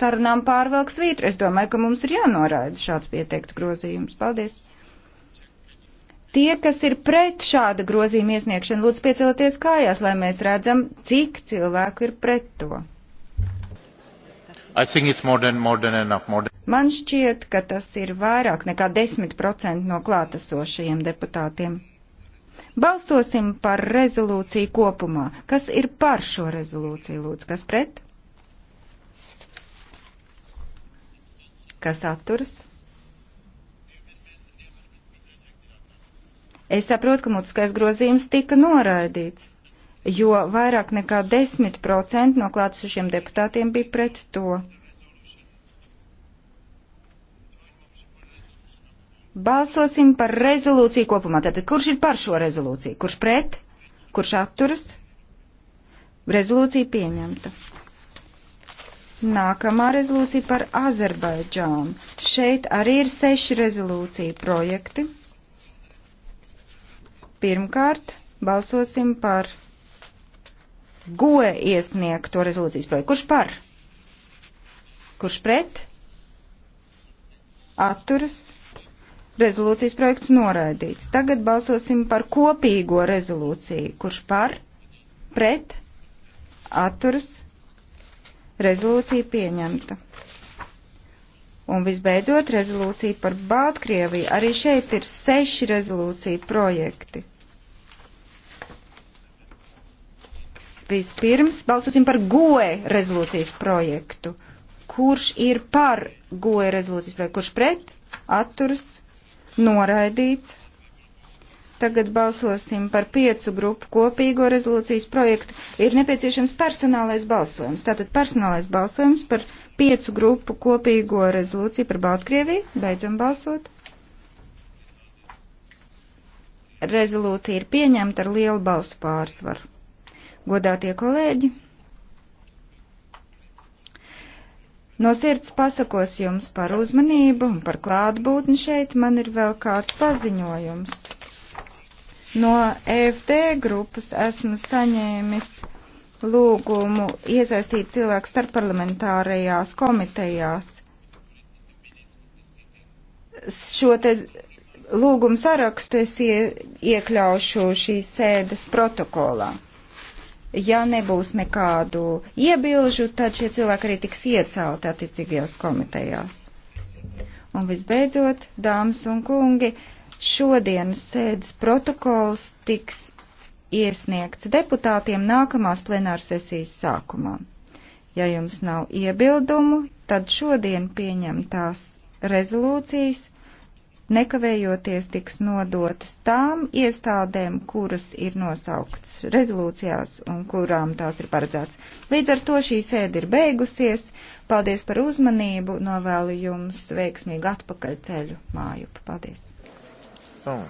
sarunām pārvelk svītru. Es domāju, ka mums ir jānoraida šāds pieteikts grozījums. Paldies! Tie, kas ir pret šāda grozījuma iesniegšanu, lūdzu piecelties kājās, lai mēs redzam, cik cilvēku ir pret to. More than, more than enough, more than... Man šķiet, ka tas ir vairāk nekā 10% no klātesošajiem deputātiem. Balsosim par rezolūciju kopumā. Kas ir par šo rezolūciju, lūdzu, kas pret? Kas atturas? Es saprotu, ka mutiskais grozījums tika noraidīts, jo vairāk nekā 10% no klātsošiem deputātiem bija pret to. Balsosim par rezolūciju kopumā. Tātad, kurš ir par šo rezolūciju? Kurš pret? Kurš atturas? Rezolūcija pieņemta. Nākamā rezolūcija par Azerbaidžānu. Šeit arī ir seši rezolūcija projekti. Pirmkārt, balsosim par GOE iesniegto rezolūcijas projektu. Kurš par? Kurš pret? Atturas. Rezolūcijas projekts noraidīts. Tagad balsosim par kopīgo rezolūciju. Kurš par? Pret? Atturas Rezolūcija pieņemta. Un visbeidzot, rezolūcija par Baltkrieviju. Arī šeit ir seši rezolūcija projekti. Vispirms balsosim par GOE rezolūcijas projektu. Kurš ir par GOE rezolūcijas projektu? Kurš pret? Atturas? Noraidīts? Tagad balsosim par piecu grupu kopīgo rezolūcijas projektu. Ir nepieciešams personālais balsojums. Tātad personālais balsojums par piecu grupu kopīgo rezolūciju par Baltkrieviju. Beidzam balsot. Rezolūcija ir pieņemta ar lielu balstu pārsvaru. Godātie kolēģi! No sirds pasakos jums par uzmanību un par klātbūtni šeit man ir vēl kāds paziņojums. No EFD grupas esmu saņēmis lūgumu iesaistīt cilvēku starpparlamentārajās komitejās. Šo te lūgumu sarakstu es ie, iekļaušu šīs sēdes protokolā. Ja nebūs nekādu iebilžu, tad šie cilvēki arī tiks iecelti attiecīgajās komitejās. Un visbeidzot, dāmas un kungi, Šodienas sēdes protokols tiks iesniegts deputātiem nākamās plenārsesijas sākumā. Ja jums nav iebildumu, tad šodien pieņemtās rezolūcijas nekavējoties tiks nodotas tām iestādēm, kuras ir nosauktas rezolūcijās un kurām tās ir paredzēts. Līdz ar to šī sēde ir beigusies. Paldies par uzmanību, novēlu jums veiksmīgu atpakaļceļu mājup. Paldies! So.